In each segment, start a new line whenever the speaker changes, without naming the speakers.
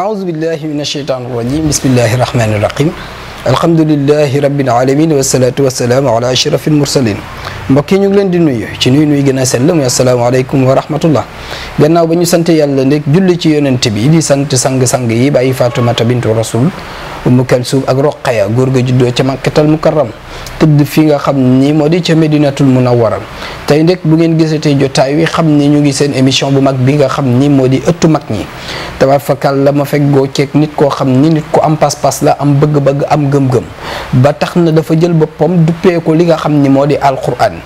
أعوذ بالله من الشيطان الرجيم بسم الله الرحمن الرحيم الحمد لله رب العالمين والصلاة والسلام على أشرف المرسلين mbokk yi ñu ngi leen di nuyu ci nuyu nuyu gën a sell muy asalaamaaleykum wa rahmatullah gannaaw ba ñu sant yàlla nekk julli ci yonent bi di sant sang-sang yi bàyyi Fatumata bintu Rasul Umu Kalsum ak Roqaya góor ga juddoo ca Makkatal Mukarram tëdd fi nga xam ni moo di ca Medinatul Munawwara tey ndek bu ngeen gisatee jotaay wi xam ni ñu ngi seen émission bu mag bi nga xam ni moo di ëttu mag ñi tabarfakal la ma fekk goo ceeg nit koo xam ni nit ko am pas-pas la am bëgg-bëgg am gëm-gëm ba tax na dafa jël boppam duppee li nga xam ni moo di alquran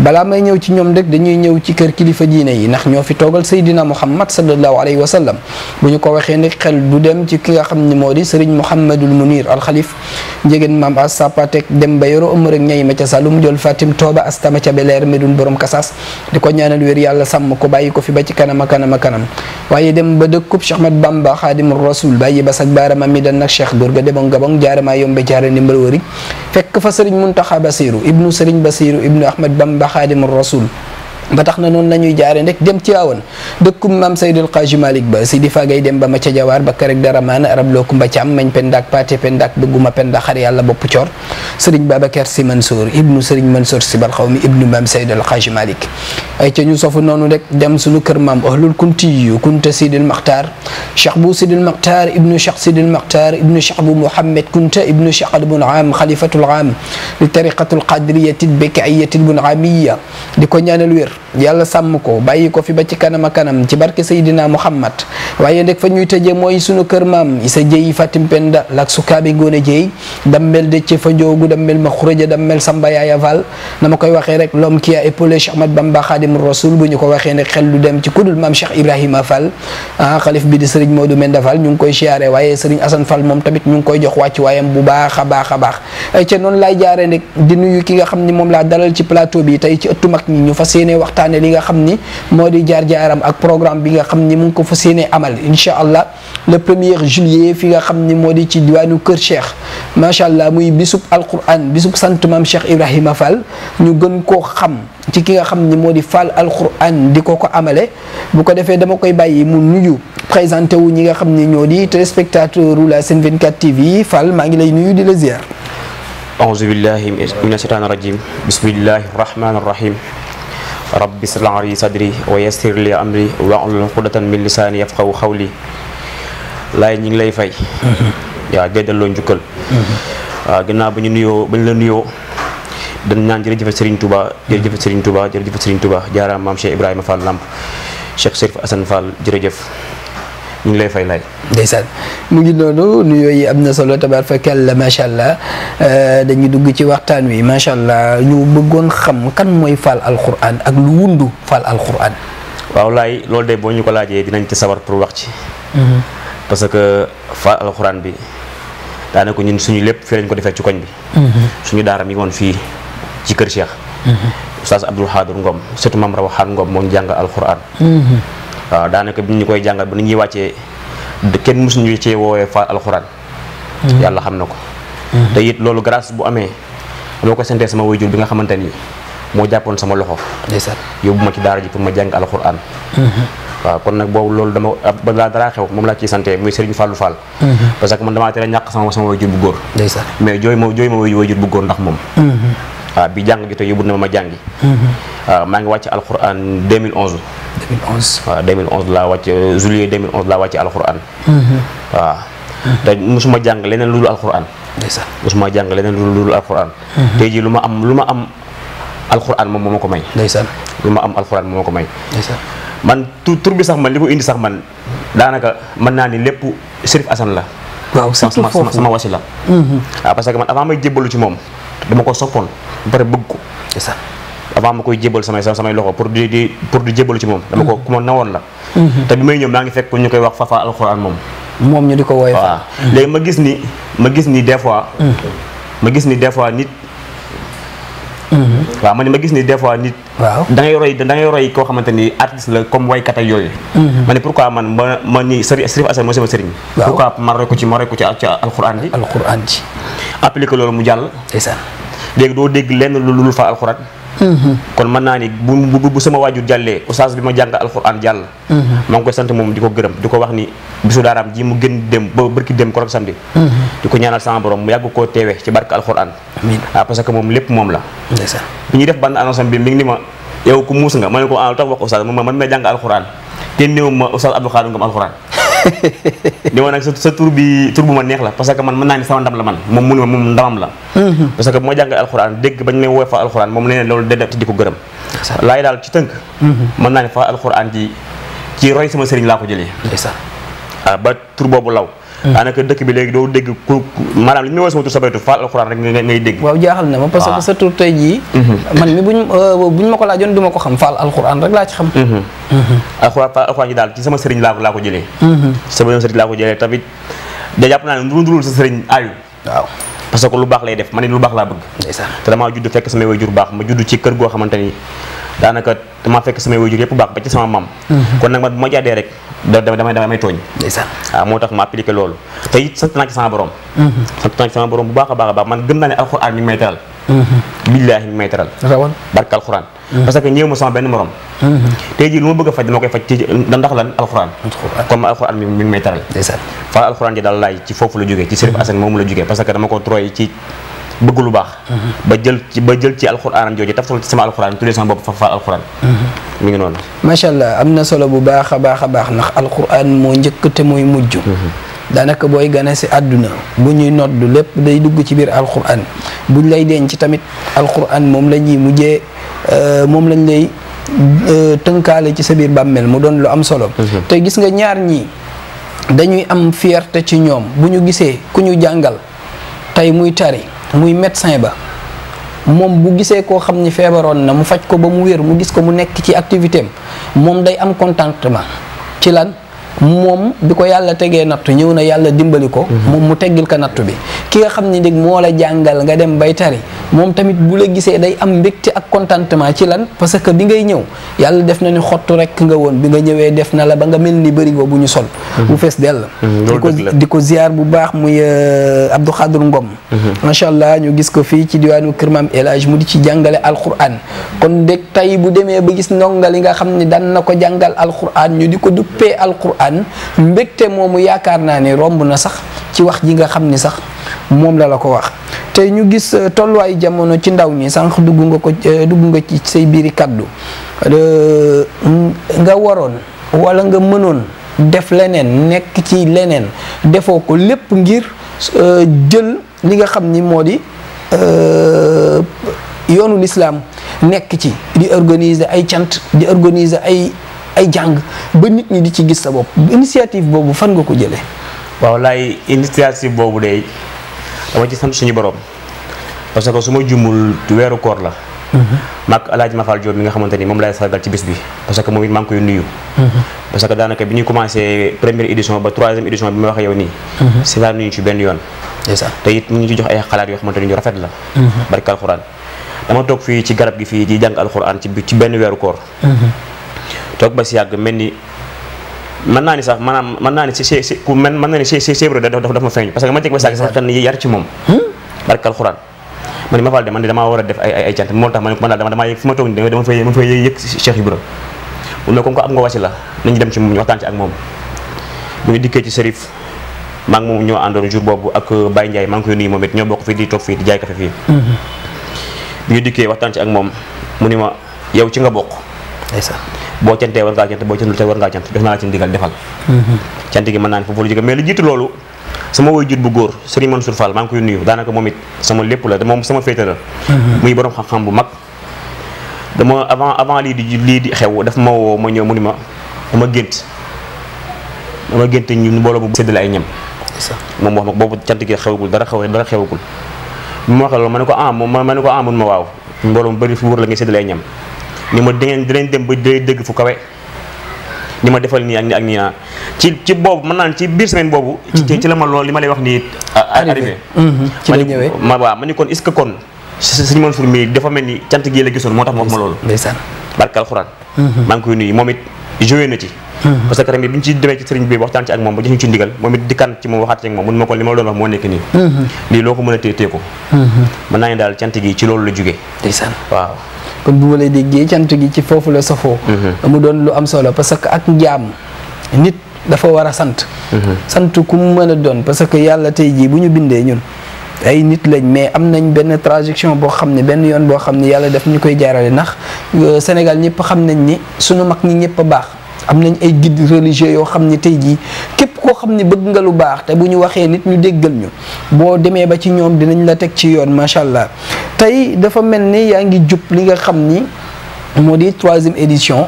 balaa may ñëw ci ñoom rek dañuy ñëw ci kër kilifa diine yi ndax ñoo fi toogal Seydina Muhammad sallallahu alayhi wa sallam bu ñu ko waxee ne xel du dem ci ki nga xam ni moo di Serigne Mouhamadul Munir alxalif njegéen maam asapatek dem bay Yoro Omar ak ñay ma ca Saloum jol Fatim Tooba astama ca Beleer Medun borom Kasas di ko ñaanal wér yàlla sàmm ko bàyyi ko fi ba ci kanama kanama kanam waaye dem ba dëkkub Cheikh Ahmad Bamba Xaadimu Rasul bàyyi basak baarama mi dan nag Cheikh góor ga debong gabong jaarama yombe jaara ndimbal wërig fekk fa sëriñ Muntaxa Basiru ibnu sëriñ Basiru ibnu Ahmad Bamba Xaadimu Rasul ba tax na noonu la ñuy jaare rek dem Tiwaawan dëkkum maam Seydil Xaaji Malik ba si di fagay dem ba ma ca jawaar ba karek dara maan arab loo kumba cam mañ pendak pate pendak bëgguma pendak xar yàlla bopp coor sëriñ Babacar si Mansour ibnu sëriñ Mansour si bal xaw mi ibnu maam Seydil Xaaji Malik ay ca ñu sofu noonu rek dem suñu kër maam ahlul kunti yu kunta sidil maxtaar cheikh bu sidil maxtaar ibnu cheikh sidil maxtaar ibnu cheikh bu mouhamad kunta ibnu cheikh albun am xalifatul am li tariqatul qadriyatil beka'iyatil bun amiya di ko yàlla sàmm ko bàyyi ko fi ba ci kanam a kanam ci barke Seydina Muhammad waaye ndek fa ñuy tëje mooy sunu kër maam isa jëy fatim penda lak sukaabi ngoone jëy dammel dëcce fa njoogu dammel ma xuraja dammel samba yaaya val na ma koy waxee rek l'homme qui a Bamba Khadim Rasoul bu ñu ko waxee ne xel lu dem ci kudul maam Cheikh Ibrahima Fall ah xalif bi di sëriñ Modou Menda Fall ñu ngi koy siyaare waaye sëriñ Assane Fall moom tamit a a ki nga xam ni moom laa waxtaane li nga xam ni moo di jaar-jaaram ak programme bi nga ni mu ko amal incha allah le premier juillet fi nga xam ni moo ci diwaanu cheikh allah muy bisub alquran bisub bisuk maam cheikh ibrahima fall ñu gën koo xam ci ki nga xam ni fall alquran di ko ko amale bu ko defee dama koy bàyyi mu nuyu présenté wu ñi nga ni ñoo di téléspectateur la Sen 24 TV fall maa ngi lay nuyu di la ziar
أعوذ بالله من الشيطان الرجيم بسم الله الرحمن الرحيم رب اسر لي صدري ويسر لي امري واحلل عقدة من لساني يفقهوا قولي لا ني نغي لاي فاي يا جدال لو نجوكل غنا آه، با ني نيو با ني لا نيو دا نان جيرجيف سيرن توبا جيرجيف سيرن توبا جيرجيف سيرن توبا جارا مام شيخ ابراهيم فال لامب شيخ سيف حسن فال جيرجيف ñu ngi lay fay lay
ndeysaan mu ngi noonu nuyoo yi am na solo tabaar fa kàlla macha allah euh, dañuy dugg ci waxtaan wi macha allah ñu bëggoon xam kan mooy Fall Alquraan ak lu wundu Fall Alquraan
waaw lay loolu de boo ñu ko laajee dinañ ci sawar pour wax ci. Mm-hmm. parce que Fall Alquraan bi ko ñun suñu lépp fii lañ ko defee ci koñ bi. Mm-hmm. suñu daara mi ngi fii ci kër Cheikh. Mm-hmm. Oustaz Abdoul Xaadir Ngom surtout Mame Rawaxaan Ngom moo ñu jàng Alquraan. Ah, da naka biñ ñukoy jangal bu ñi wacce ñuy ken kenn mësu ñu ci wowe fa alquran
mm-hmm. yalla
xam na mm-hmm. te yit lolu grâce bu amé loo senté sama wayjur bi nga xamanteni Mo jappone sama loxof ndeysat yobuma ci daara ji pour ma jang alquran mm-hmm. wa kon nak bobu lolu dama la dara xew mom la ci santé muy Serigne Fallou Fall parce que man dama teel ñak sama sama wayjur bu ndeysat mais joy mo joy mo wayjur bu gor ndax mom waa ah, bi jàng jotee yóbbu na ma ma jàngi. waaw mm-hmm. ah, maa ngi wàcc alxuraan 2011. 2011 waaw 2011 laa wàcc juillet 2011 laa wàcc alxuraan. waaw mm-hmm. ah. mosuma mm-hmm. jàng leneen lu dul alxuraan. ndeysaan mosuma jàng leneen lu dul alxuraan. tey jii lu ma am lu ma am alxuraan moom moo ma ko may. ndeysaan lu ma am moo ko may. ndeysaan man tur bi sax man li indi sax man daanaka mën naa ni lépp Chérif Assane la. waaw surtout foofu sama sama wasila. waaw parce que man avant may jébbalu ci moom. dama ko sopon ba pare bëgg ko ça avant makoy jébal sama loxo pour di pour di jébalu ci mom dama ko kuma nawon la mhm. ta bi may ñew ma ngi fekk ñukay wax fafa alquran mom mom ñu di woy fa magis ma gis ni ma gis ni des fois mhm. ma gis ni des fois nit mhm. wa ma ma gis ni des fois nit da ngay roy da ngay roy ko xamanteni ni artiste la comme way kata yoy ma ne pourquoi man ma ni serif Sërif mo sama serigne pourquoi ma roy ko ci ma roy ko ci alquran di alquran di appliquer lolu mu jall ndeysaan deg do deg len lolu fa alquran hmm kon man naa ni bu bu bu sama wajur jalle oustaz bima jang alquran jall hmm mang koy sante mom di geureum diko wax ni bisu daram ji mu gën dem ba barki dem rek samedi. hmm diko ñaanal sama borom mu yag ko tewé ci barke alquran amin ah parce que mom lepp mom la. ndeysaan biñu def bande annonce bi mi ngi ma yow ku mus nga ma ne ko ah tax wax oustaz man man may jàng te neewuma oustaz Abdou khadim alquran ni ma nag sa tur bi tur bu ma neex la parce que man mën naa ni sama ndam la man moom mu ne ma moom ndamam la mhm. parce que bu ma jàngal alxuraan dégg bañ ne woy fa alxuraan moom nee ne loolu de te di ko gërëm laay daal ci tënk mhm. mën naa ni fa alxuraan ji ci roy sama sëriñ laa ko jëlee ah, ba tur boobu law Ah. daanaka dëkk bi léegi doo dégg ku maanaam li ñu may woo sama tur Sabaytu Fall alxuraan rek ngay dégg waaw jaaxal na ma parce que sa
tur tey jii
mhm.
man mi buñ euh, buñ ma ko laajoon du ma ko xam Fall alxuraan rek laa ci xam mhm. Mhm. alxuraan Fall alxuraan ji daal ci sama sëriñ laa ko laa sama sëriñ laa ko jëlee tamit da jàpp naa ne nduru ndurul sa sëriñ ayu waaw parce que lu baax lay def man lu baax laa bëgg te damaa judd fekk samay wayjur baax ma judd ci kër goo xamante ni daanaka damaa fekk samay wayjur yëpp baax ba ci sama maam mhm. kon nag man bu ma jaadee rek da damay damay tooñ waaw ah, moo tax ma appliqué loolu te it sant naa ci sama borom mhm. sant naa ci sama borom bu baax a baax a baax man gëm naa ne alxuraan mi ngi may teral Mm-hmm. billaahi may teral rawan barke alxuraan mm-hmm. parce que ñëw ma sama benn morom mm-hmm. tey jii lu ma bëgg a faj dama koy faj ci ndax lan alxuraan kon alxuraan mi mi la jógee parce que dama ko troy ci bëgg baax ba jël ci ba jël ci alxuraanam ci sama alxuraan tuddee sama bopp fa fa alxuraan mi ngi noonu
macha allah am na solo bu baax a baax a baax ndax alxuraan moo njëkk te mooy mujj daanaka booy gane si àdduna bu ñuy noddu lépp day dugg ci biir alquran buñ lay ci tamit alquran moom la ñuy mujjee euh, moom lañ lay euh, tënkaale ci sa biir bàmmeel mu doon lu am solo te gis nga ñaar ñi dañuy am fierte ci ñoom bu ñu gisee ku ñu jàngal tey muy tari muy médecin ba moom bu gisee koo xam ni feebaroon na mu faj ko ba mu wér mu gis ko mu nekk ci activité am moom day am contentement ci lan Mum, biko yalla tege tegee ñew na yalla dimbali ko mom mhm. mu teggil ka nattu bi ki nga xamni dig mo la jangal nga dem bay tari tamit bu la gisee day am mbégte ak contentement ci lan parce que bi ngay ñew yalla def na ni xottu rek nga won bi nga ñewé def na la ba nga melni ni go bu ñu sol mhm. bu fess del mhm, di diko ziar bu baax muy euh, abdou khadir ngom macha allah ñu gis ko fi ci diwanu kër elage mu di ci jàngale alquran kon dég tay bu deme ba gis nongal nga xamni dan na jangal alquran ñu di ko alquran xaqiqatan mbégte moomu yaakaar naa ne romb na sax ci wax ji nga xam ni sax moom la la ko wax te ñu gis euh, tolluwaayu jamono ci ndaw ñi sànq dugg nga ko euh, dugg nga ci say biiri kaddu euh, nga waroon wala nga mënoon def leneen nekk ci leneen defoo ko lépp ngir jël li nga xam ni moo di yoonu lislaam nekk ci di organiser ay cant di organiser ay ay jang ba nit ñi di ci gis sa bop initiative bobu fan nga ko jëlé
waaw laay initiative bobu de dama ci sant suñu borom parce que suma jumul jumul wéru koor la mhm. mak alhaji mafal job mi nga xamanteni mom lay sargal ci bis bi parce que mom it mang koy nuyu mhm. parce que danaka biñu commencé première édition ba 3e édition bi ma wax yow ni c'est la nuyu ci ben yoon c'est te yit mu ngi ci jox ay xalaat yo xamanteni ñu rafet la mhm. barkal qur'an dama tok fi ci garab gi fi di jang alquran ci ci ben wéru koor toog ba si yàgg mel ni mën naa ni sax maanaam mën naa ni si si ku mel mën naa ni si si sébro dafa dafa ma feeñ parce que ma jeg ba si yàgg sax kan yar ci moom barkal xuraan man ni ma fal de man damaa war a def ay ay cant moo tax ma ne ko man daal dama damaa yëg fi ma toog nii dama fay dama fay yëg Cheikh Ibra mu ne comme ko am nga wàcc la nañu dem ci moom ñu waxtaan ci ak moom bu ñu dikkee ci Serif maa ngi moom ñoo àndoon jour boobu ak Baye Ndiaye maa ngi koy nuyu moom it ñoo bokk fii di toog fii di jaay café fii bi mhm. ñu dikkee waxtaan ci ak moom mu ni ma yow ci nga bokk boo cantee war ngaa cant boo cantul te war ngaa cant jox naa la ci ndigal defal mhm. cant gi mën naa ne foofu lu jóge mais li jiitu loolu sama woy jur bu góor Serigne Mansour Fall maa ngi koy nuyu daanaka moom sama lépp la moom sama féete la mhm. muy borom xam-xam bu mag dama avant avant lii di lii di xew daf ma woo ma ñëw mu ni ma dama gént dama gént ñu mbooloo bu séddale ay ñam moom wax ma boobu cant gi xewagul dara xew dara xewagul bi ma waxee loolu ma ne ko ah ma ne ko ah, ma waaw mbooloo mu bëri fi la ngay séddale ay ñam ni ma dangeen dinañ dem ba day dëgg fu kawe ni ma defal nii ak nii ak ci ci boobu mën naan ci biir semaine boobu. ci mhm. ci la ma loolu li ma lay wax nii. arrivé mhm. ci la ñëwee ma ni kon gi ce que gisoon moo tax ma wax ma loolu. ndeysaan barke alxuraan. Mhm. maa koy nuyu moom it joué na ci. parce que tamit bi ñu ci demee ci sëriñ bi waxtaan ci ak moom ba jox ñu ci ndigal moom it dikkan ci moom waxaat ci ak moom mun ma ko li ma doon wax moo nekk nii. lii loo ko mën a téye téye ko. mën naa ne daal cant gi ci loolu la jugee. ndeysaan
waaw. kon bu ma lay déggee cant gi ci foofu la safoo mhm. mu doon lu am solo parce que ak njaam nit dafa war a sant mhm. sant ku mu mën a doon parce que yàlla tey jii bu ñu bindee ñun ay nit lañ mais am nañ benn transaction boo xam ne benn yoon boo xam ne yàlla daf ñu koy jaarale ndax euh, Sénégal ñëpp xam nañ ni sunu mag ñi ñëpp a baax amnañ ay guide religieux yo xamni tay ji kep ko xamni bëgg nga lu baax te buñu waxé nit ñu déggal ñu bo démé ba ci ñom dinañ la tek ci yoon machallah tay dafa melni yaangi jup li nga xamni modi 3e édition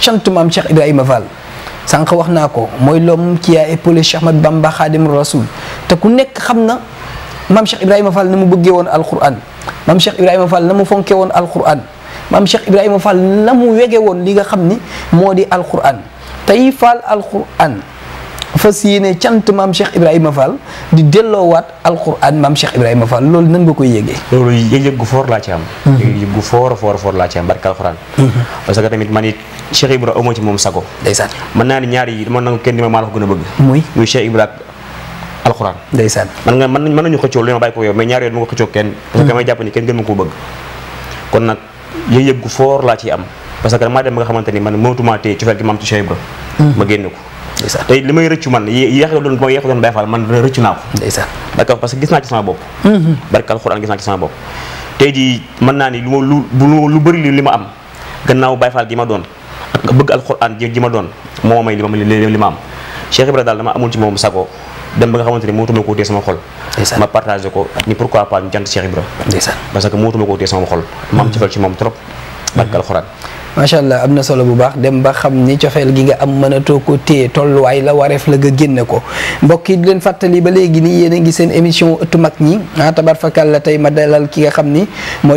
chante mam Cheikh Ibrahima Fall sank waxna ko moy lom qui a épaulé Cheikh Ahmad Bamba Khadim Rasoul te ku nekk xamna mam Cheikh Ibrahima Fall na mu bëggé won alcorane mam Cheikh Ibrahima Fall na mu fonké won alcorane maam Cheikh Ibrahima Fall na mu wege woon li nga xam ni moo di al alquran tey Fall alquran fas yéene cant maam Cheikh Ibrahima Fall di delloowaat alquran maam Cheikh Ibrahima Fall loolu nan nga koy yégee loolu yëg-yëg gu foor laa ci am mhm.
yëg-yëg gu foor foor foor laa ci am barke alquran mhm. parce que tamit man it Cheikh Ibra amoo ci moom sago ndeysaan mën naa ni ñaar yi dama nangu kenn di ma maa la ko gën a bëgg muy muy Cheikh Ibra alxuraan ndeysaan man nga mën nañu xëccoo li ma bàyyi ko yow mais ñaar yoon mu nga ni kenn gën ko bëgg kon nag yëg-yëg gu foor laa ciy am parce que damaa dem ba nga xamante ni man mënatuma téye cofeel gi ma am ci hmm. ma génn ko ndeysaan tey li may rëccu man yéex doon mooy yéex doon Baay Faal man rëccu naa ko ndeysaan d'accord parce que gis naa ci sama bopp hmm. barke alxuraan gis naa ci sama bopp tey jii mën naa ni lu ma lu lu bëri li li ma am gannaaw Baay Faal gi ma doon ak bëgg alxuraan ji ma doon moo may li ma li ma am Cheikh Ibra daal dama amul ci moom sago dem ba nga xamante ni mootuma koo tee sama xol ma partagé ko ni pourquoi pas ñu jant Cheikh Ibra parce que mootuma koo tee sama xol ma am cofeel ci moom trop barke alxuraan
macha amna solo bu baax dem ba xam ni cofeel gi nga am mënatoo ko tollu way la waref la ga génne ko mbokk yi di leen ba legui ni yene ngi sen émission ëttu mak ñi ah tabarfakal la tey ma dalal ki nga xam ni moo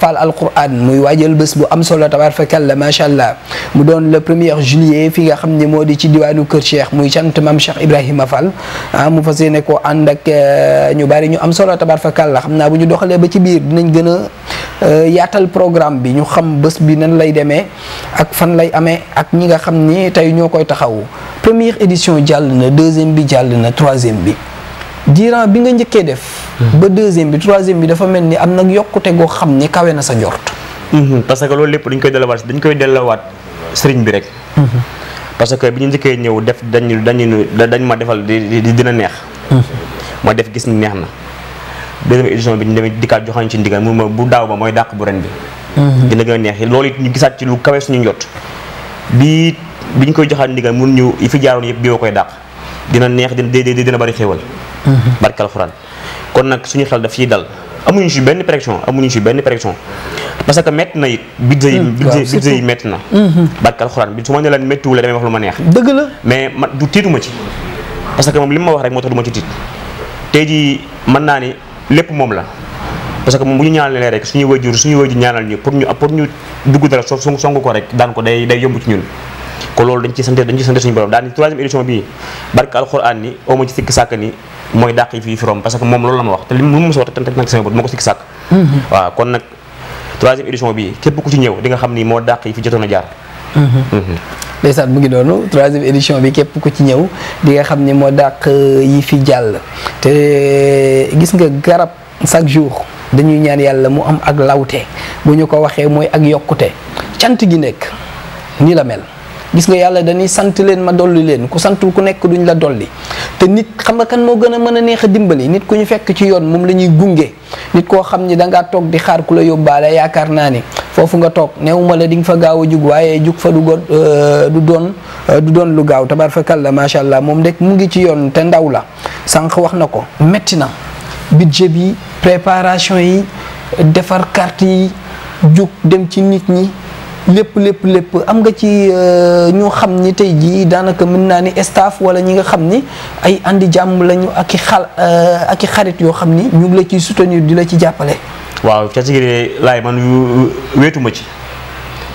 fal Alquran muy wajjal bés bu am solo tabarfakal la mu don le premier juillet fi nga xam ni moo ci diwanu keur Cheikh muy sant mam Cheikh Ibrahima fal mu fas yéene ànd ak ñu bari ñu am solo tabarfakal la xam bu ñu doxale ba ci bir dinañ gëna yaatal programme bi ñu xam bés bi nan lay demee ak fan lay amee ak ñi nga xam ni tey ñoo koy taxawu première édition jàll na deuxième bi jàll na troisième bi diiraan bi nga njëkkee def hmm. ba deuxième bi troisième bi dafa mel ni am nag yokkute goo xam ni kawe na sa njort
hmm, parce que loolu lépp dañ koy delluwaat dañ koy delluwaat sëriñ bi rek hmm. parce que bi ñu njëkkee ñëw def dañu dañu dañ ma defal di dina neex ma def gis ni neex na deuxième édition bi ñu demee dikka joxañ ci ndigal mu ma bu daaw ba mooy dàq b ren bi Mm-hmm. dina gën a neex loolu it ñu gisaat ci lu kawe suñu njot bii bi ñu koy joxaat ndigal mun ñu yi fi jaaroon yëpp bi koy dàq dina neex dina déedéet dina bari xéewal
mm-hmm.
barke alxuraan kon nag suñu xel daf ciy dal amuñu si benn pression amuñu si benn pression parce que métti na it budget yi mm, budget yi métti na mm-hmm. barke alxuraan bi su ma ne leen méttiwul damay wax lu ma neex dëgg la mais man du tiituma ci parce que moom li ma wax rek moo tax du ma ci tiit tey jii man naa ni lépp moom la parce que mom bu ñu ñaanal ñaanalee rek suñu wajur suñu wajur ñaanal ñu pour ñu pour ñu dugg dara so song song ko rek daan ko day day yomb ci ñun ko lool dañ ci sante dañ ci sante suñu borom daan ni troisième édition bi barka alquran ni o ma ci sik sak ni moy dàq fi from parce que mom lool la ma wax te li mu mos wax te teg nag sama bët mako sik sak mhm. wa kon nak 3 troisième édition bi kep ku ci ñew di nga xam ni mo dàq fi jotoon a jaar mhm. Mhm.
ndeysaan mu ngi noonu troisième édition bi képp ku ci ñëw di nga xam ni moo dàq yi fi jàll te gis nga garab chaque jour dañuy ñaan yàlla mu am ak lawte bu ñu ko waxee mooy ak yokkute cant gi nekk ni la mel gis nga yàlla dañuy sant leen ma dolli leen ku santul ku nekk duñ la dolli te nit xam nga kan moo gën a mën a neex a dimbali nit ku ñu fekk ci yoon moom la ñuy gunge nit koo xam ni da ngaa toog di xaar ku la yóbbaale yaakaar naa ni foofu nga toog neewuma la di nga fa gaaw a jug waaye jug fa du god euh, du doon euh, du doon lu gaaw tabar fa kàlla macha allah moom rek mu ngi ci yoon te ndaw la sànq na ko métti préparation yi defar carte yi jug dem ci nit ñi lépp lépp lépp am nga ci euh, ñoo xam ni tey jii daanaka mën naa ni staff wala ñi nga xam ni ay andi jàmm lañu ak i xal euh, aki xarit yoo xam ni ñu ngi la ciy soutenir di la ci jàppale.
waaw ca ci laay man wéetuma ci.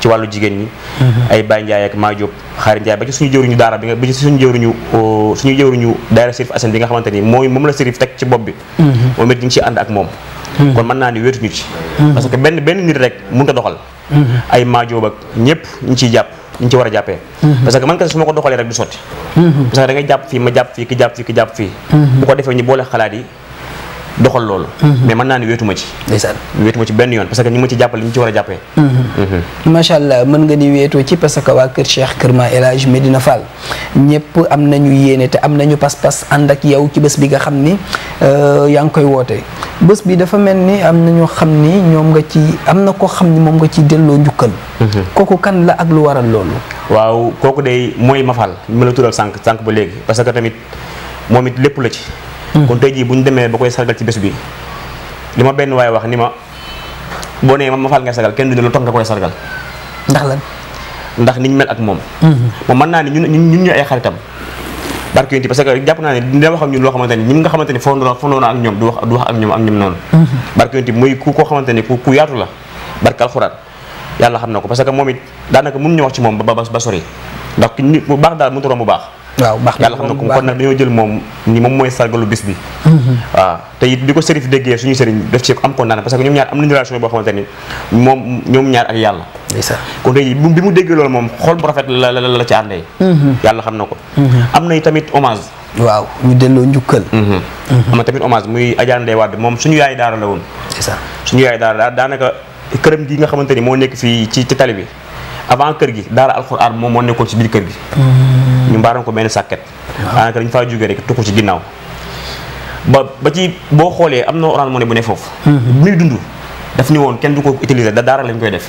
ci walu jigen ni ay Baye Ndiaye ak Maa Diop Xaari Ndiaye ba ci suñu jëwriñu daara bi nga ba ci suñu jëwriñu uh, suñu jëwriñu daara serif Assane bi nga xamanteni moy mom la serif tek ci bopp bi mhm. moom it ñu mhm. ci and ak mom kon man na ni wëtu ñu ci parce que ben ben nit rek mu a doxal mhm. ay Maa Diop ak ñepp ñu ci japp ñu ci wara jappé parce que man kese suma ko doxalee rek du soti parce que da nga japp fi ma japp fi ki japp fi ki japp fi bu ko defé ñu boole xalaat yi doxal loolu. Mhm. mais mën naa ne wéetu ma ci. ndeysaan wéetu ci benn yoon parce que ñu ma ci jàppale li ñu ci war a jàppee. Mhm. Mhm.
macha allah mën nga ni wéetoo ci parce que waa Kër Cheikh Kër Ma El Hadj dina faal ñëpp am nañu yéene te am nañu pas-pas ànd ak yow ci bés bi nga xam ni euh, yaa ngi koy woote bës bi dafa mel ni am na ñoo xam ni ñoom nga ci am na ko xam ni moom nga ci delloo njukkan kooku kan la ak lu waral loolu.
waaw kooku day mooy Mafal mi la tural sànq sànq ba léegi parce que tamit moom it lépp la ci. Mm-hmm. kon tey jii bu ñu demee ba koy sargal ci bés bi li ma benn waaye wax ni ma boo ma faal ngay sargal kenn du ne lu tax nga koy sargal. ndax lan ndax niñ mel ak moom. Mm-hmm. moom mën naa ni ñun ñun ñu ay xaritam. barke yonent parce que jàpp naa ne dina wax ak loo xamante ni ñun nga xamante ni fondoona fondoona ak ñoom du wax du wax ak ñoom ak ñoom noonu. Mm-hmm. barke muy ku koo xamante ku ku yaatu la barke alxuraan yàlla xam na ko parce que moom it daanaka mënuñu wax ci moom ba ba ba sori bu baax daal mënut bu baax. waaw baax na yàlla xam na ko kon nag dañoo jël moom ñi moom mooy sargalu bis bi
mm-hmm.
waaw te it bi ko sëriñ déggee suñu sëriñ def ci am kontaan parce que ñoom ñaar ak yàlla kon tey bi mu déggee loolu moom xool bu rafet la la la ci àndee mm-hmm. yàlla xam na ko mm-hmm. am na tamit hommage
waaw ñu delloo njukkal am
na tamit hommage muy Adja Ndeye moom suñu yaay daara la woon suñu yaay daara daanaka këram gi nga xamante ni moo nekk fii ci ci tali bi avant kër gi daara alxuraan moom moo nekkoon si biir kër gi.
Hmm. ñu
mbaaroon ko benn sàkket. waaw daanaka dañ faa jógee rek tukku ci ginnaaw. ba ba ci boo xoolee am na orange money bu ne foofu. muy hmm. dund. daf ni woon kenn du ko utiliser da daara lañ koy def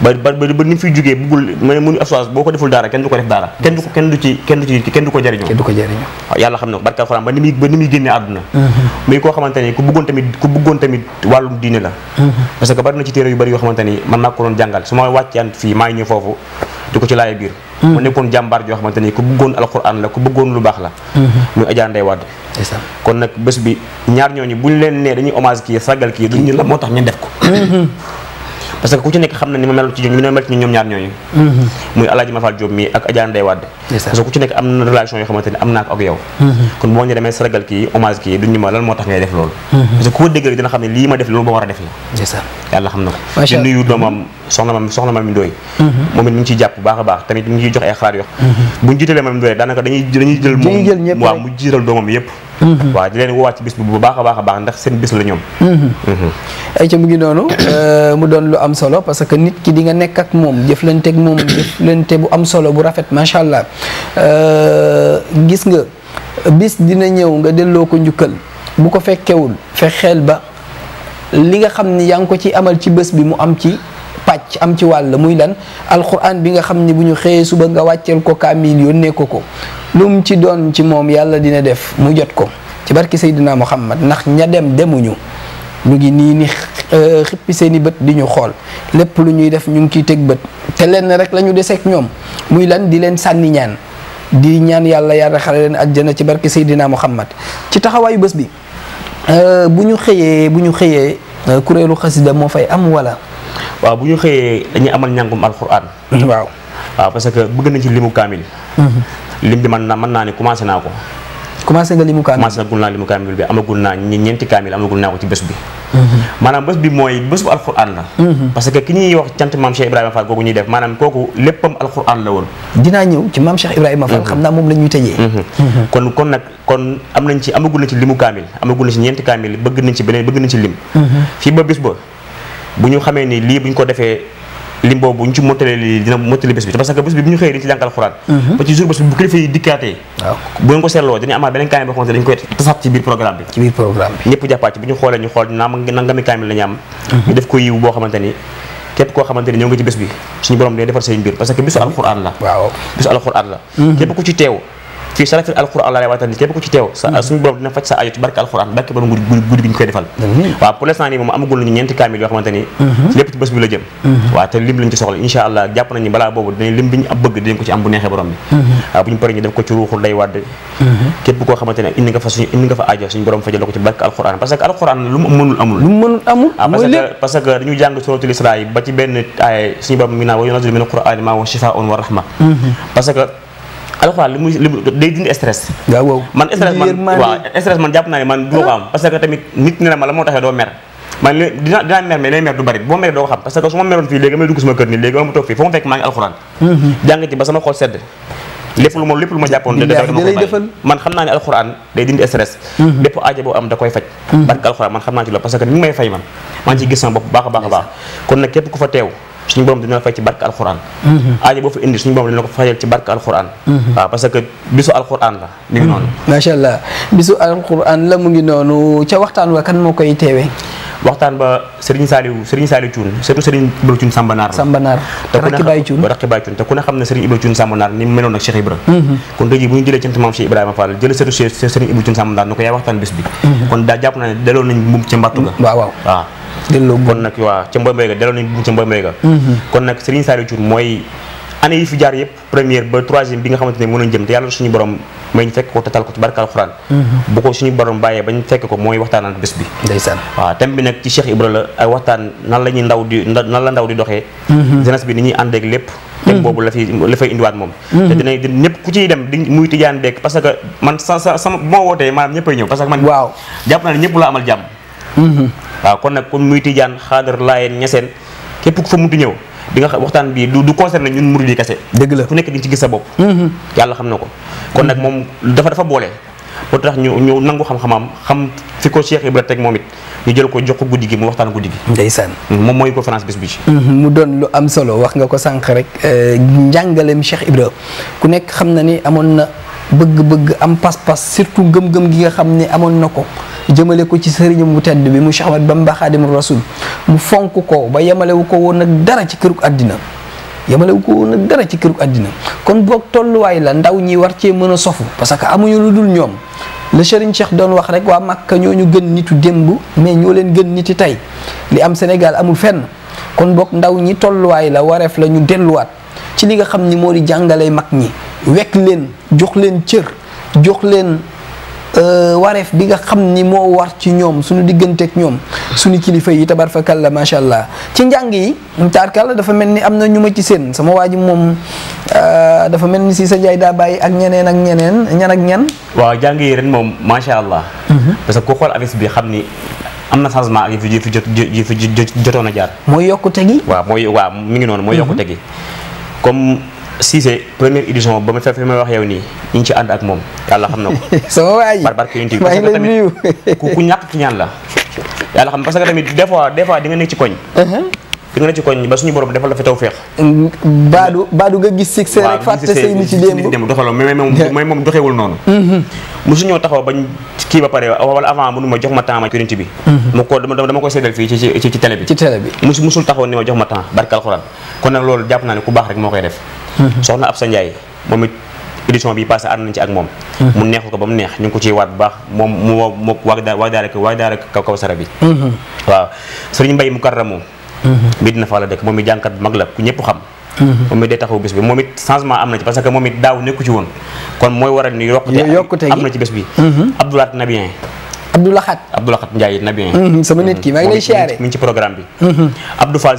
ba ba ba ni jógee buggul ma mu ni assurance boo ko deful daara kenn du ko def daara kenn du ko kenn du ci ko jëriñoo yàlla xam ne ko barka alxuraan ba ni muy ba àdduna mm-hmm. muy koo xamante ku bëggoon tamit ku bëggoon tamit wàllum diine la
mm-hmm.
parce que bari na ci téere yu bari yoo xamante ni man maa ko doon jàngal su ma wàccee fii maa ngi ñëw foofu di ko ci laay biir Hmm. mu nekkoon jàmbaar joo xamante ni ku bëggoon alquran la ku bëggoon lu baax la hmm. muy Adja Ndeye Wade kon nag bés bi ñaar ñooñu ñu leen nee dañuy hommage kii sargal kii duñ la moo tax ñu def ko hmm. parce que ku ci nekk xam na ni ma mel ci ñoom ñaar ñooñu mm-hmm. muy alaaji Mafal Diop mii ak Adja Ndeye Wade parce que ku ci nekk am na relation yoo xamante ni am naa ko ak yow mm-hmm. kon boo ñu demee sargal kii hommage kii duñu ma lan moo tax ngay def loolu mm-hmm. parce que ku ko dina xam ne lii ma def loolu ma war a def la yàlla xam na ko di nuyu doomam soxna mam soxna moom it mi ngi ciy jàpp baax baax tamit mi ngi ciy jox ay xalaat yoo buñ jiitalee mam Ndoye Mhm. waaw di leen woowaat ci bis bu baax a baax a baax ndax seen bis la ñoom mhm. mhm.
ay ca mu ngi noonu euh, mu doon lu am solo parce que nit ki di nga nekk ak moom jëflante ak moom jëflante bu am solo bu rafet macha allah euh, gis nga bis dina ñëw nga delloo ko njukkal bu ko fekkewul fexeel ba li nga xam ni yaa ngi ko ci amal ci bés bi mu am ci ci am ci wàll muy lan alquran bi nga xam ni bu ñu xëyee suba nga wàcceel ko kaamil yónnee ko ko lu mu ci doon ci moom yàlla dina def mu jot ko ci barki Seydina Muhammad ndax ña dem demuñu ñu ngi nii ni xippi seen i bët di ñu xool lépp lu ñuy def ñu ngi ciy teg bët te lenn rek lañu ñu ñoom muy lan di leen sànni ñaan di ñaan yàlla yàlla xale leen àjjana ci barke Seydina Muhammad ci taxawaayu bés bi euh, bu ñu xëyee bu ñu xëyee euh, kuréelu xasida moo fay am wala waaw bu ñu xëyee
dañuy amal njàngum alxuraan. waaw waaw parce que bëgg nañ ci limu kaamil. Mhm. lim bi man naa mën naa ne commencé naa ko. commencé nga limu kaamil commencé gul naa limu kaamil bi amagul naa ñeenti mhm. maanaam bés bi mooy bés bu alxuraan la. Mhm. parce que ki ñuy wax cant maam Cheikh Ibrahima Fall kooku ñuy def maanaam kooku léppam alxuraan la woon.
dinaa ñëw ci maam Cheikh Ibrahima Fall. xam naa moom
la ñuy tëjee. kon kon nag kon am nañ ci amagul nañ ci limu kaamil amagul nañ ci ñeenti kaamil bëgg nañ ci beneen bëgg nañ ci lim. fii ba bés bu ñu xamee ni lii bu ñu ko defee lim boobu ñu ci mottalee lii dina mottali bés bi parce que bés bi bu ñu xëyee dañu ci mhm. ci jour bés bu kilifa ko seetloo dañu amaat beneen kaamil boo xamante dañu koy tasat ci biir programme bi ci jàppaat ci bu ñu xoolee ñu xool naa nangami kaamil la ñu mhm. ñu def ko yiw boo xamante képp koo xamante ni ñëw ci bés bi suñu borom day defar seen biir parce que bésu alxuraan la waaw bésu alxuraan la mhm. képp ku ci teew fii salafil alquran la lay waatal ni képp ku ci teew sa hmm. borom dina faj sa aju ci barke alquran barke borom guddi guddi bi ñu koy waaw pour l'instant nii moom amagul nañu hmm. ci bés bi la jëm hmm. waaw te lim lañ ci soxla insha allah jàpp nañu ko ci am bu neexee borom
bi waaw
bu ñu paree ñu def ko ci ruuxul day wàdd képp koo xamante ne indi nga fa suñu indi nga fa aajo suñu borom fajal ko ci barke alquran parce que alquran lu mu mënul amul lu mu mënul amul ah, parce que parce que dañu jàng suratul isra ba ci benn aaya suñu borom mi naa wa yunazzilu mina alqurani ma huwa shifaa'un
wa
alxuraan li muy li day dindi stress. waaw waaw man stress man waaw stress man jàpp naa ne man du ma ko am parce que tamit nit nga ne ma la moo taxe doo mer. man li dina dinaa mer mais du bari boo meree doo ko xam parce que su ma meroon fii léegi may dugg toog fii fa ma fekk maa ngi alxuraan. Mhm. jàng ba sama xol sedd. lépp lu ma lépp lu ma jàppoon de defal xam naa ne alxuraan day dindi stress. Mhm. bépp aajo boo am da koy faj. Mhm. barke alxuraan man xam naa ci loolu parce que ni may fay man a a baax kon nag képp ku fa suñu borom dina la fay ci barke alxuraan.
Mm-hmm.
aajo boo fa indi suñu borom dina ko fayal ci barke alxuraan. Mm-hmm. waaw parce que bisu alxuraan la. Mm-hmm.
la mu ngi noonu ca waxtaan wa kan moo koy teewee. waxtaan ba
Serigne Saliou Serigne Saliou Thioune surtout Serigne Ibra Thioune Sambanaar Sambanaar Rakki Baye Thioune Rakki Baye Thioune te ku ne xam ne Serigne Ibra Thioune Sambanaar ni delloo kon nag waaw ca mboy mboy ga delloo nañ ca mboy mboy ga mhm. kon nag Serigne Saliou Thioune mooy année yi fi jaar première ba troisième bi nga xamante ne mën jëm te yàlla suñu borom may fekk ko tatal ko ci barka mhm. bu ko suñu borom bàyyee bañ fekk ko mooy waxtaanal nag ci mhm. bi ni ñuy àndeek lépp thème boobu la fi la fay indiwaat moom te dina ñëpp ku ciy dem muy tijaan beek parce que man sa sa sama bu wootee maanaam ñëppay ñëw parce que Mm-hmm. waaw kon nag kon muy tijaan xaadar laayeen ñeseen képp ku fa munti ñëw di nga waxtaan bi du concerné ñun murid yi kese dëgg la ku nekk di ci gis sa bopp mm-hmm. yàlla xam na ko kon nag moom dafa dafa boole boo tax ñu ñu nangu xam-xamam xam fi ko Cheikh Ibra teg moom it ñu jël ko jox ko guddi gi mu waxtaan guddi gi ndeysaan mm-hmm. moom mooy conférence bis bi
mu doon lu am solo wax nga ko sànq rek euh, njàngaleem Cheikh Ibra ku nekk xam na ni amoon na bëgg-bëgg am pas-pas surtout ngëm-ngëm gi nga xam ne amoon na ko jëmale ko ci sëriñam bu tedd bi mu Cheikh Ahmad Bamba Xaadimu Rasul mu fonk ko ba yemalewu ko woon nag dara ci këruk àddina yemalewu ko woon nag dara ci këruk àddina kon boog tolluwaay la ndaw ñi war cee mën a sofu parce que amuñu lu dul ñoom le Serigne Cheikh doon wax rek waa Makka ñoo ñu gën nitu démb mais ñoo leen gën niti tey li am Sénégal amul fenn kon boog ndaw ñi tolluwaay la wareef la ñu delluwaat ci li nga xam ni moo di jàngale mag ñi wekk leen jox leen cër jox leen euh, wareef bi nga xam ni moo war ci ñoom suñu digganteeg ñoom suñu kilifa yi tabar fa kàlla macha allah ci njàng yi taar kàlla dafa mel ni am na ñu ma ci seen sama waa ji moom euh, dafa mel ni si sa jaay daa bàyyi ak ñeneen ak ñeneen ñan ak ñan.
waaw jàng yi ren moom macha allah. Mhm. parce que ku xool avis bi xam ni am na changement ak yi fi yi fi jotoon a jaar.
mooy yokkute gi.
waaw mooy waaw mi ngi noonu mooy mhm. yokkute comme Cissé première édition ba ma fa fi may wax yow nii ñu ngi ci ànd ak moom yàlla xam na ko. sama waay maa ngi lay nuyu ku ñàkk ñaan la. yàlla xam parce que tamit des fois des fois di nga nekk ci koñ. Uh-huh. fi nga ci koñ ba suñu borom defal la fi tawféex.
baadu baadu nga gis succès rek fàtte say nit ci démb
doxaloo mais moom doxewul noonu. Mm-hmm. mosu ñoo taxaw bañ kii ba pare wala avant mënu ma jox ma temps ma bi. ma mm-hmm. ko dama ko séddal fii ci ci ci télé bi. ci télé bi mosu mosul taxaw ni ma jox ma temps barke alxuraan kon nag loolu jàpp naa ne ku baax rek moo koy def. Mm-hmm. soxna Absa Ndiaye moom it édition bi passé ànd nañ ci ak moom mu neex ko ba mu neex ñu ngi ko bii dina fa la dëkk moom it jànkat bu mag la ku ñëpp xam moom it day taxaw bés bi moom it changement am na ci parce que moom it daaw nekku ci woon kon mooy waral ni yokkute am na ci bés bi mm-hmm. Abdoulaat Nabien Abdou Lahat Abdou Lahat Ndiaye na bien. Mhm, sama nit ki maa ngi lay mhm. siyaare mi ci programme bi. Mhm. Abdou Fall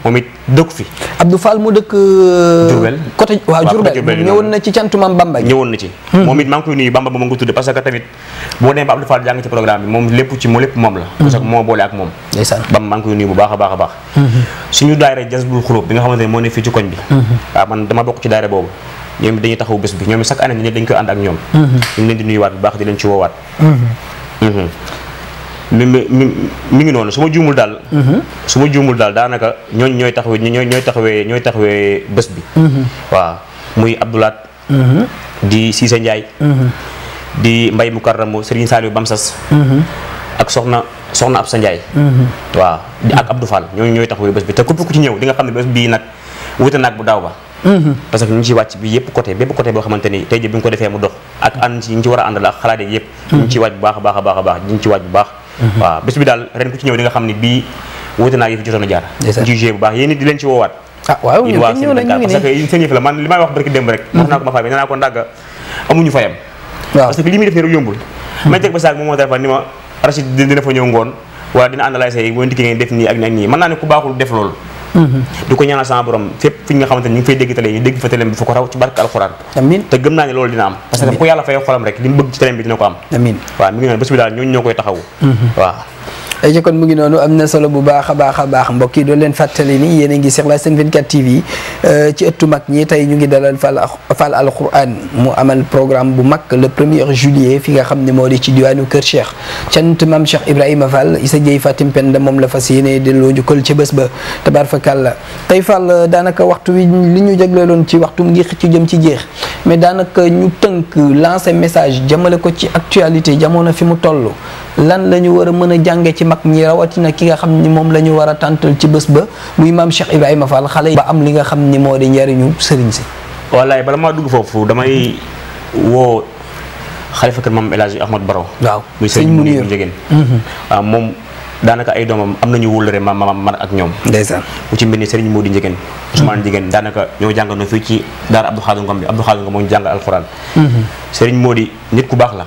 moom it
dëkk fi. Abdou mu dëkk. Euh,
Diourbel côté waaw Diourbel ñëwoon
na ci cantu maam Bamba
ñëwoon na ci. moom it maa koy nuyu Bamba ba ma ngi ko parce que tamit boo demee ba Abdou Fall ci programme bi moom lépp ci moom lépp moom la. parce que moo boole ak moom. ndeysaan Bamba koy nuyu bu baax a baax a baax. suñu daayira Jazbul Xulub bi nga xamante ne ñoom dañuy taxaw bës bi ñoom chaque année ñu dañ ko and ak ñoom ñu leen di nuyu waat bu baax di leen ci woowaat mi mi ngi noonu suma jumul dal suma jumul dal juumul daal ñoy mhm. ñooñ ñooy ñoy ñooy ñooy taxawee ñooy taxawee bi mhm. wa muy abdoulat mhm. di Cissé ndjay di mbay mukarramo Serigne Saliou Bamsas ak soxna soxna Absa Ndiaye waaw ak Abdou Fall ñooñu ñoy taxawee bës bi te képp ku ci ñew di nga xam bës bi nak wuté nak bu daw ba Mm-hmm. parce que ñu ngi ci wàcc bi yëpp côté bépp côté boo xamante ni tey jii bi ñu ko defee mu dox ak ànd ci ñu ci war a àndal ak xalaat yëpp mm-hmm. ñu ci wàcc bu baax a baax baax a baax ñu ngi ci bu baax mm-hmm. waaw bés bi bu baax yéen di leen ah, naa ko ma faa bi nee naa ko ndàgg amuñu fayam parce que li muy def ne rek yombul may teg ba saag moom moo téléphone ni ma Rachid dina fa ñëw ngoon wala dina àndalaay say boo ndikki ngeen def nii ak nii ak naa ne ku
du
ko ñaanal sama borom fépp fi nga xamante ni ñu ngi dégg télé ñu dégg fa télé bi fu ko raw ci barke alxuraan te gëm naa ne loolu dina am parce que ku yàlla fay xolam rek li mu bëgg ci télé bi dina ko am amiin waaw ngi noonu bés bi daal ñooñu ñoo koy taxawu waaw
ay ci kon mu ngi noonu am na solo bu baax a baax a baax mbokk yi doon leen fàttali ni yéen a ngi Sexla Sen 24 TV ci ëttu mag ñi tey ñu ngi dalal Fall Fall Al Quran mu amal programme bu mag la premier juillet fi nga xam ne moo di ci diwaanu Kër Cheikh cant maam Cheikh Ibrahima Fall Issa Dieye Fatim Penda moom la fas yéene delloo njukkal ci bés ba la tey Fall euh, daanaka waxtu wi li ñu jagleeloon ci waxtu mu ngi ci jëm ci jeex mais daanaka ñu tënk lancer message jëmale ko ci actualité jamono fi mu toll lan la ñu a mën a jànge ci mag ñi rawatina ki nga xam ni moom lañu ñu war a tàntal ci bés ba muy maam Cheikh Ibrahima Fall xale ba am li nga xam ni moo di njariñu sëriñ si
wallaay bala maa dugg foofu damay woo xalifa kër maam El Hadji Ahmad Baro waaw muy sëriñ Mounir Ndiéguène waaw mhm. ah, moom daanaka ay doomam am nañu wóllare ma ma man ak ñoom ndeysaan ci mel ni Serigne Modou Ndiéguène Ousmane Ndiéguène daanaka ñoo jàngandoo fii ci daara Abdou Khadim bi Abdou Khadim Ngom moo ñu jàng alxuraan
mhm.
moo di nit ku baax la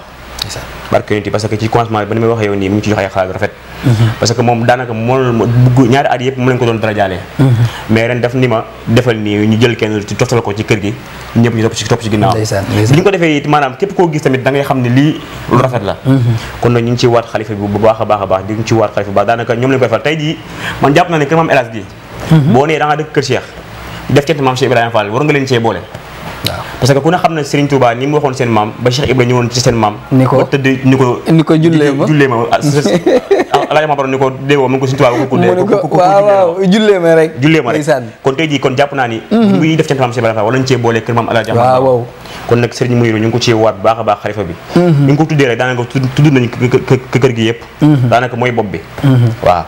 barke yonent parce que ci commencement ba ni may waxee yow nii mu ngi ci joxe ay xalaat rafet mm-hmm. parce que moom daanaka moom bugg ñaari at yëpp mu leen ko doon darajaalee mm-hmm. mais ren daf ni ma defal nii ñu jël kenn ci toftal ko ci kër gi ñëpp ñu topp ci topp ci ginnaaw bi ñu ko defee it maanaam képp koo gis tamit da xam ne lii lu rafet la mm-hmm. kon nag ñu ngi ci waat xalifa bi bu baax a baax a baax di ñu ci waat xalifa bu baax daanaka ñoom lañ koy fal tey jii man boole parce que ku ne xam ne Serigne Touba ni mu waxoon seen maam ba Cheikh Ibrahima ñëwoon ci seen maam. ni ko ba tëdd ni ko. ni ko jullee ma jullee ma alaaj ma borom ni ko déggoo mu ngi ko Serigne Touba ko ko ko waaw waaw jullee ma rek. jullee ma rek kon tey jii kon jàpp naa ni. muy mhm. def seen maam Cheikh Ibrahima wala ñu cee boole kër maam alaaj waaw kon nag Serigne Mouride ñu ngi ko cee waat bu baax a baax xalifa bi. Mhm. ñu ngi ko tuddee rek daanaka tudd nañu kër gi yëpp. Mhm. daanaka mooy bopp bi. waaw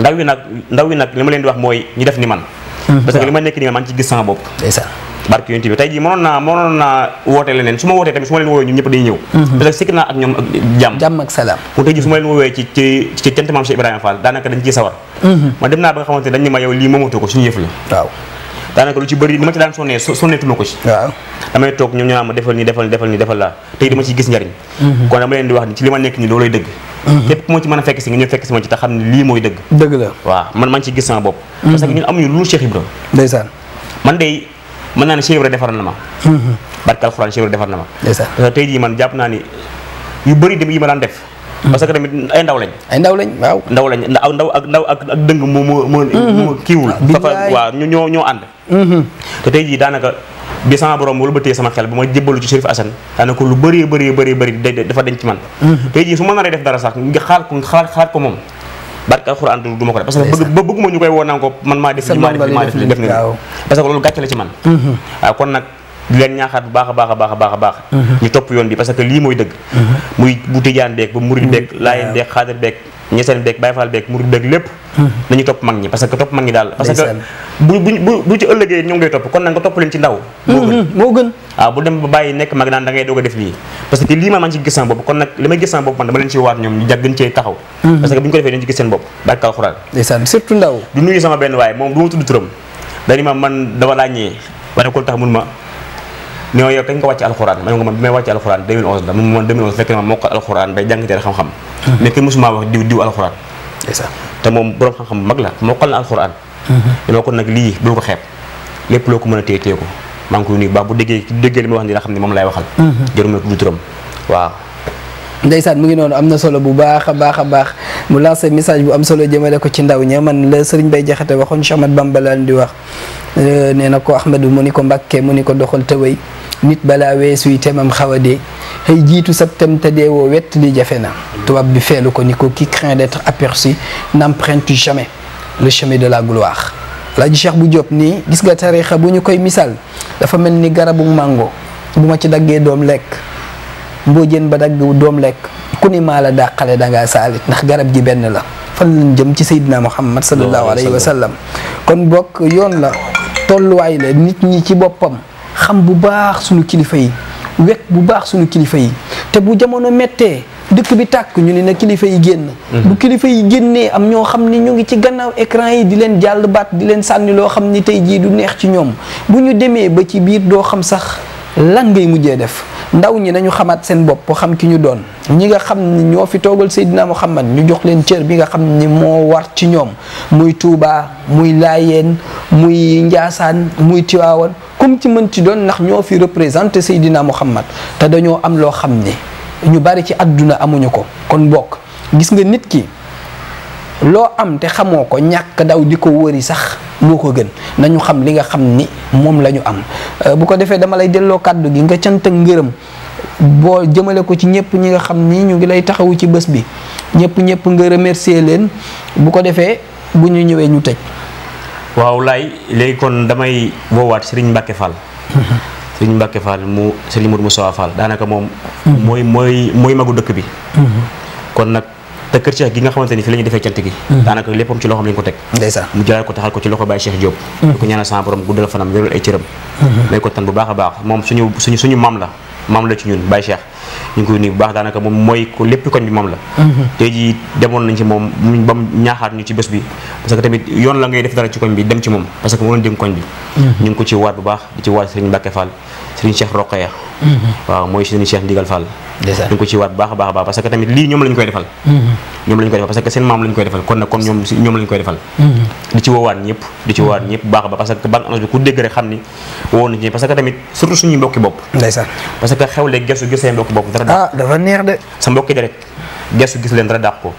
ndaw yi nag ndaw yi nag li ma leen di wax mooy ñu def ni man parce que li ma nekk nii man ci gis sama bopp barki yonent bi tay ji monona monona wote lenen suma wote su ma wootee tamit su ma leen ñun ñëpp dañuy ñëw mhm. parce que sikna ak ñom ak jam jàmm ak salam ko tay ji suma len leen ci ci ci Cheikh ibrahim Fall danaka dañ ci sawar mhm. ma dem na ba nga xamante dañ ni ma yow li moomatu ko suñu yëf la waaw danaka lu ci bëri dama ma ci daan sonnee tu mako ci waaw damay tok ñoom ñoo ma defal ni defal ni defal ni defal la tay dama ci gis ñariñ mhm. ko dama len di wax ni ci lima nekk ni lolay deug lepp ko mo ci mëna fekk ci nga fekk ci mo ci ta xamni li moy deug deug la waaw man man ci gis sama bop parce que ñun amuñu lu Cheikh ibrahim ndeysaan man day mën naa ne Cheikh Ibra defar na ma mhm. barke alxuraan Cheikh Ibra defar na ma parce que tey jii man jàpp naa ni yu bëri dem yi ma daan def mhm. parce que tamit ay ndaw lañ ay ndaw lañ waaw ndaw lañ ndaw ndaw ak ndaw ak ak dëng moo moo moo mhm. kiiwul safa waaw ñu ñoo ñoo ànd te tey jii daanaka bi sama borom wala ba téye sama xel ba ma jébbalu ci Chérif Assane daanaka lu bëree bëree bëri bëri dafa denc man tey jii su ma naree def dara sax nga xaar ko xaar xaar ko moom barke alxuraan du ma ko def parce que bëgguma ñu koy woo ko man maa def li maa def li def na parce que loolu gàcce la ci man mhm. waaw kon nag di leen ñaaxaat bu baax a baax a baax a baax a baax mhm. ñu topp yoon bi parce que lii mooy dëgg mhm. muy bu tijaan beeg ba murid beeg laayeen beeg xaadar beeg ñu seen beeg Baye Fall beeg murid beeg lépp dañuy hmm. topp mag ñi parce que topp mag ñi daal parce que bu bu bu ci ëllëgee ñoom ngay topp kon nag nga topp leen ci ndaw hmm, moo gën hmm, moo gën ah, ci taxaw parce que bu ñu ko defee dañu ci gis seen bopp barke alxuraan ndeysaan ndaw du nuyu sama benn waaye moom du tudd turam dañu man dama laa ñëwee waaye tax mun ma ñoo yow kañ ko wacc alquran man nga man bi may wàcc alxuraan 2011 la mo 2011 fekk na moko alquran alxuraan bay jàng xam-xam hmm. mais kenn mosuma wax diw diw alquran c'est ça te mom borom xam-xam mag la mokkal na alxuraan dama hmm. ko nag lii bul ko xeeb lepp loo ko mën ko téye ko maa ba bu déggee déggee li ma wax ni la xam ni mom lay waxal hmm. jërum ma tudd turam waaw
ndaysane mu ngi non amna solo bu baakha baakha baax mu lancer message bu am solo jëmele ko ci ndaw ñe man le serigne bay jaxate waxon Cheikh Ahmad bambalane di wax Euh, nee na ko Ahmadu mu ni ko Mbàkke mu ni ko doxal taway nit balaa weesuy temam xaw a dee xëy jiitu sab te dee woo wett li jafe na tubaab bi feelu ko ni ko qui craint d'être aperçu n'emprunte jamais le chemin de la gloire Alaaji bu Jóob nii gis nga tarixa bu ñu koy misaal dafa mel ni garabu màngo bu ma ci daggee doom lekk mboojeen ba dagg doom lekk ku ni maa la dàqale dangaa saalit ndax garab ji benn la fan lañ jëm ci Seydina Muhammad sallallahu alayhi wa sallam kon bokk yoon la tolluwaay la nit ñi ci boppam xam bu baax suñu kilifa yi wekk bu baax suñu kilifa yi te bu jamono méttee dëkk bi tàkk ñu ne na kilifa yi génn mhm. bu kilifa yi génnee am ñoo xam ni ñu ngi ci gannaaw écran yi di leen jàll baat di leen sànni loo xam ni tey jii du neex ci ñoom bu ñu demee ba ci biir doo xam sax lan ngay mujjee def ndaw ñi nañu xamaat seen bopp xam ki ñu doon ñi nga xam ni ñoo fi toogal Seydina Muhammad ñu jox leen cër bi nga xam ni moo war ci ñoom muy Touba muy Laayeen muy Njaasaan muy Tiwaawan comme ci mën ci doon ndax ñoo fi représenté Seydina Muhammad te dañoo am loo xam ni ñu bari ci àdduna amuñu ko kon bokk gis nga nit ki loo am te xamoo ko ñàkk daw di ko wëri sax moo ko gën nañu xam li nga xam ni moom lañu am euh, bu ko defee dama lay delloo kàddu gi nga cant ak ngërëm boo jëmale ko ci ñëpp ñi nga xam ni ñu ngi lay taxawu ci bës bi ñëpp ñëpp nga remercier leen bu ko defee bu ñu ñëwee ñu tëj.
waaw laay léegi kon damay woowaat Serigne Mbacke Fall. Serigne Mbacke Fall mu Serigne Mourou Moussa Fall daanaka moom. Mm-hmm. mooy mooy mooy magu dëkk bi. Mm-hmm. kon nag. te kër Cheikh gi nga xamante ni fi la defee cant gi mm-hmm. daanaka léppam ci loxoom la ñu ko teg ndeysaan mu jëlaat ko taxal ko ci loxo Baye Cheikh Diop mm-hmm. di ko ñaanal sama borom guddal fanam wéral ay cëram
mm-hmm.
may ko tan bu baax a baax moom suñu suñu suñu maam la maam la ci ñun Baye Cheikh ñu ngi ni bu baax daanaka moom mooy ko lepp koñ bi mom la mm-hmm. tey ji demone nañ ci mom bam ñaaxat ñu ci bés bi parce que tamit yoon la ngay def dara ci koñ bi dem ci mom parce que mo leen dem koñ bi
mm-hmm. ñu
ngi ko ci waat bu baax di ci waat Serigne Mbacke Fall Serigne Cheikh Rokhaya
mm-hmm.
waaw moy Serigne Cheikh Ndigal Fall ñu ko ci waat baax baax baax parce que tamit li ñom lañ koy defal ñom lañ koy defal parce que seen mam lañ koy defal kon nag kon ñom ñom lañ koy defal di ci woowaat ñepp di ci woowaat ñepp baax ba parce que banque anage ku dégg rek xamni woon ñi parce que tamit surtout suñu mbokk bop bopp parce que xewle gesu gis mbokk bopp dara ah dafa neex de sa mbokki de rek gestu gis len dara dàq ko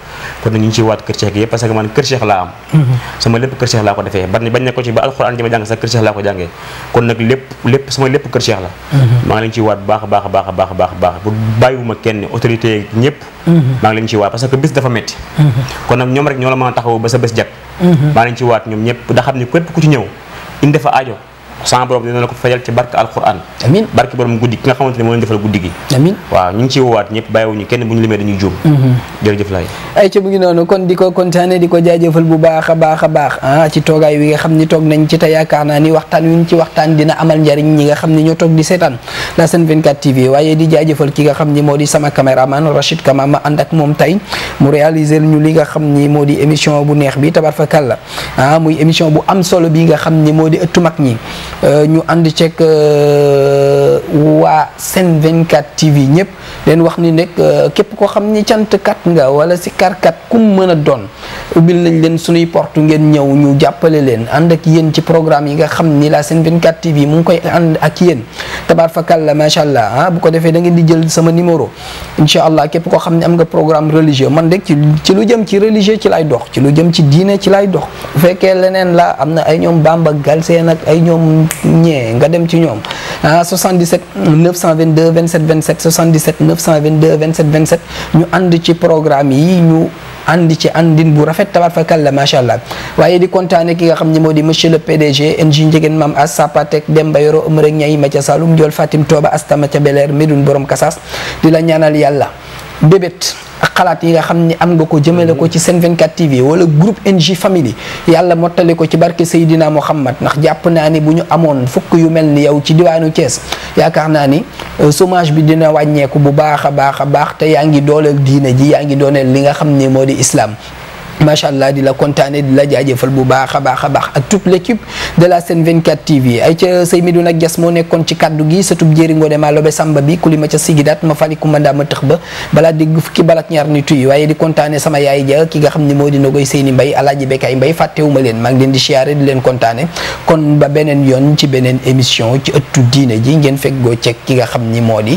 kon ñu ci wat keur Cheikh gi parce que man keur Cheikh la am mhm. sama lepp keur Cheikh la ko defé bañ bañ ne ko ci ba alcorane ji jang sa keur Cheikh la ko jangé kon nak lepp lepp sama lepp keur Cheikh la mhm. ma ngi leen ci wat baax baax baax baax baax baax bu bayiwuma kenn autorité ñepp ma mhm. ngi leen ci wat parce que bis dafa metti kon nak ñom rek ñola ma taxaw ba sa bes jak ma ngi leen ci wat ñom ñepp da xamni kepp ku ci ñew indi fa aajo sama borom dina la ko fajal ci barke alquran amiin barke borom guddi ki nga xamante ne moo leen defal guddi gi amiin waaw ñu ngi ciy woowaat ñëpp bàyyiwuñu kenn bu ñu limee dañuy juum mhm. jërëjëf
kon di ko kontaane di ko jaajëfal bu baax a baax a ah, ci toogaay wi nga xam ni toog nañ ci te yaakaar naa ni waxtaan wi ñu ci waxtaan dina amal njariñ ñi nga xam ni ñoo toog di seetaan la Sen 24 TV waaye di jaajëfal ki nga xam ni moo di sama caméraman Rachid Kama ma ànd ak moom tey mu réaliser ñu li nga xam ni moo di émission bu neex bi tabarfakalla ah muy émission bu am solo bi nga xam ni moo di ëttu mag ñi Euh, ñu ànd ceeg euh, waa Sen 24 TV ñëpp leen wax ni nekk euh, képp koo xam ni cant cantkat nga wala si karkat kum mën a doon ubbil nañ leen suñuy porte ngeen ñëw ñu jàppale leen ànd ak yéen ci programme yi nga xam ni la Sen 24 TV mu ngi koy ànd ak yéen tabaar fakal la macha allah ah bu ko defee da ngeen di jël sama numéro incha allah képp koo xam ne am nga programme religieux man rek ci ci lu jëm ci religieux ci lay dox ci lu jëm ci diine ci lay dox bu fekkee leneen la am na ay ñoom Bamba Galsen ak ñee nga dem ci ñoom ah 77 922 27 27 77 922 27 27 ñu ànd ci programme yi ñu ànd ci àndin bu rafet tabaarkalla macha allah waaye di kontaane ki nga xam ni moo di monsieur le PDG NG Njegen Mam As Sapatek Demba Yoro Ëmër ak Ñay Maca Saloum Jool Fatim Tooba Astama ca Beleer Médoune Borom Kasaas di la ñaanal yàlla bébét xalaat yi nga xam ni am nga ko jëmale ko ci Sen 24 TV wala groupe NJ Family yàlla mottali ko ci barke Seydina Muhammad ndax jàpp naa ni bu ñu amoon fukk yu mel ni yow ci diwaanu Thiès yaakaar naa ni euh, chômage bi dina wàññeeku bu baax a baax a baax te yaa ngi dooleel diine ji yaa ngi dooleel li nga xam ni moo di islaam machallah di la kontaane di la jaajëfal bu baax a baax a baax ak toute l'équipe de la scène 24 TV ay ca Seymidou nag Dias moo nekkoon ci kaddu gi satub jéeri ngoo dema lobe samba bi ku li ma ca sigidaat ma faliku mandaama tëx ba balaa dégg ki balat ñar ni tuy waaye di kontaane sama yaay ja ki nga xam ne moo di na koy seeni mbay alaaji bekkaay mbay fàttewuma leen maa leen di chiare di leen kontaane kon ba beneen yoon ci beneen émission ci ëttu diine ji ngeen go ceeg ki nga xam ni moo di